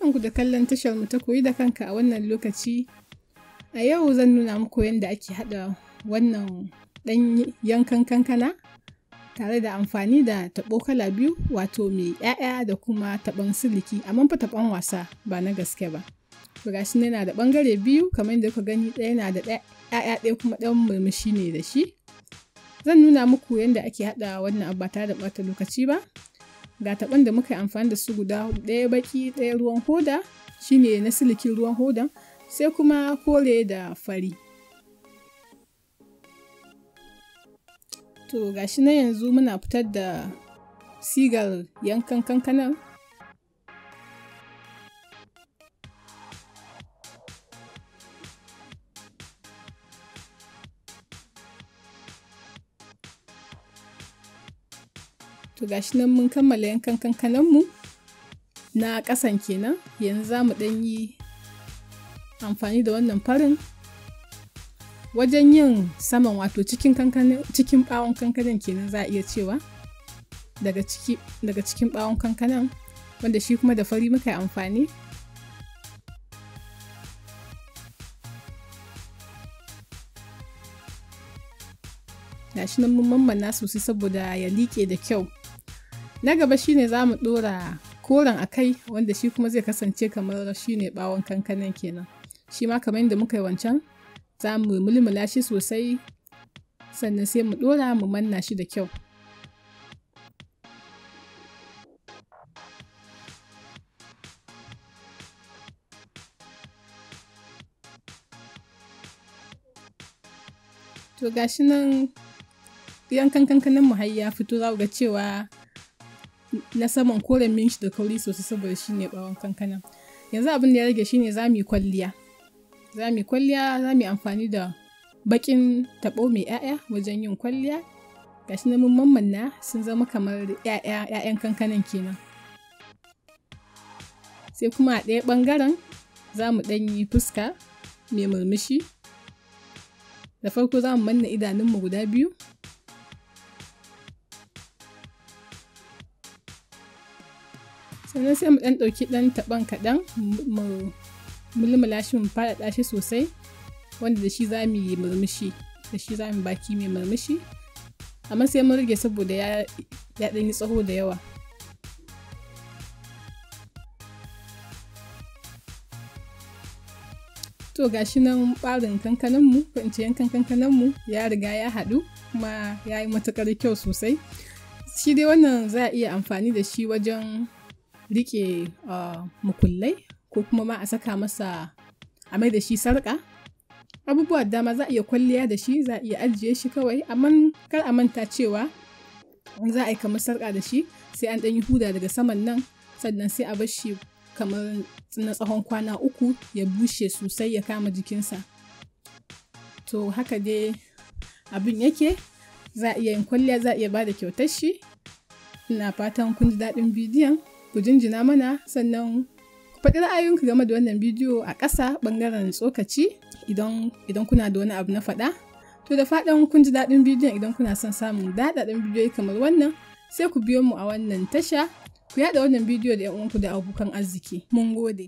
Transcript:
Barkanku da kallon tashar mu ta koyi da kanka a wannan lokaci. A yau zan nuna muku yadda ake haɗa wannan ɗan yankan kankana tare da amfani da taɓo kala biyu wato mai ‘ya'ya da kuma taɓon siliki amma fa taɓon wasa ba na gaske ba. Gashi ne yana da ɓangare biyu kamar yadda kuka gani ɗaya na da ‘ya'ya ɗaya kuma ɗan murmushi ne da shi. Zan nuna muku yadda ake haɗa wannan abu ba tare da ɓata lokaci ba. ga taɓan da muka yi amfani da su guda ɗaya baki ɗaya ruwan hoda shine na silikin ruwan hodan sai kuma kore da fari to gashi na yanzu muna fitar da sigar yankan kankanan to gashi nan mun kammala yankan kankanan mu na ƙasan kenan yanzu za mu ɗan yi amfani da wannan farin wajen yin saman wato cikin cikin bawon kankanan kenan za a iya cewa daga ciki daga cikin bawon kankanan wanda shi kuma da fari muka yi amfani gashi nan mun mammana sosai saboda ya liƙe da kyau na gaba shine za mu dora koren a kai wanda shi kuma zai kasance kamar shi ne bawon kankanan kenan shi ma kamar yadda muka yi wancan za mu mulmula shi sosai sannan sai mu ɗora mu manna shi da kyau to gashi nan yankan kankanin mu har ya fito za ga cewa na saman koren min da kauri sosai saboda shi ne bawon kankana yanzu abin da ya rage shine za mu yi kwalliya za mu yi kwalliya za mu yi amfani da bakin taɓo mai ƴaƴa wajen yin kwalliya gashi na mun mamanna sun zama kamar ƴaƴa 'ya'yan kankanan kenan sai kuma a ɗaya ɓangaren za mu ɗan yi fuska mai murmushi da farko za mu manna idanunmu guda biyu sannan sai mu ɗan ɗauki ɗan taɓan kaɗan mu mulmula shi mu faɗaɗa shi sosai wanda da shi za mu yi murmushi da shi za mu baki mai murmushi amma sai mun rage saboda ya ɗan yi tsaho da yawa to gashi nan ɓarin kankananmu ko in ce kankananmu ya riga ya haɗu kuma ya yi matuƙar kyau sosai shi dai wannan za a iya amfani da shi wajen rike mukullai ko kuma ma a saka masa a mai da shi sarƙa abubuwa dama za a iya kwalliya da shi za a iya ajiye shi kawai amma kar a manta cewa za a yi kamar sarka da shi sai an ɗan yi huda daga saman nan sannan sai a bar shi kamar na tsawon kwana uku ya bushe sosai ya kama jikinsa to haka dai abin yake za a iya yin kwalliya za a iya ba da kyautar shi ina fatan kun ji daɗin bidiyon ku jinjina mana sannan ku faɗi ra'ayinku game da wannan bidiyo a ƙasa ɓangaren tsokaci idan kuna da wani abu na faɗa to da faɗin kun ji daɗin bidiyon idan kuna son samun daɗaɗin bidiyo kamar wannan sai ku biyo mu a wannan tasha ku yaɗa wannan bidiyo da 'yan uwanku da abokan arziki mun gode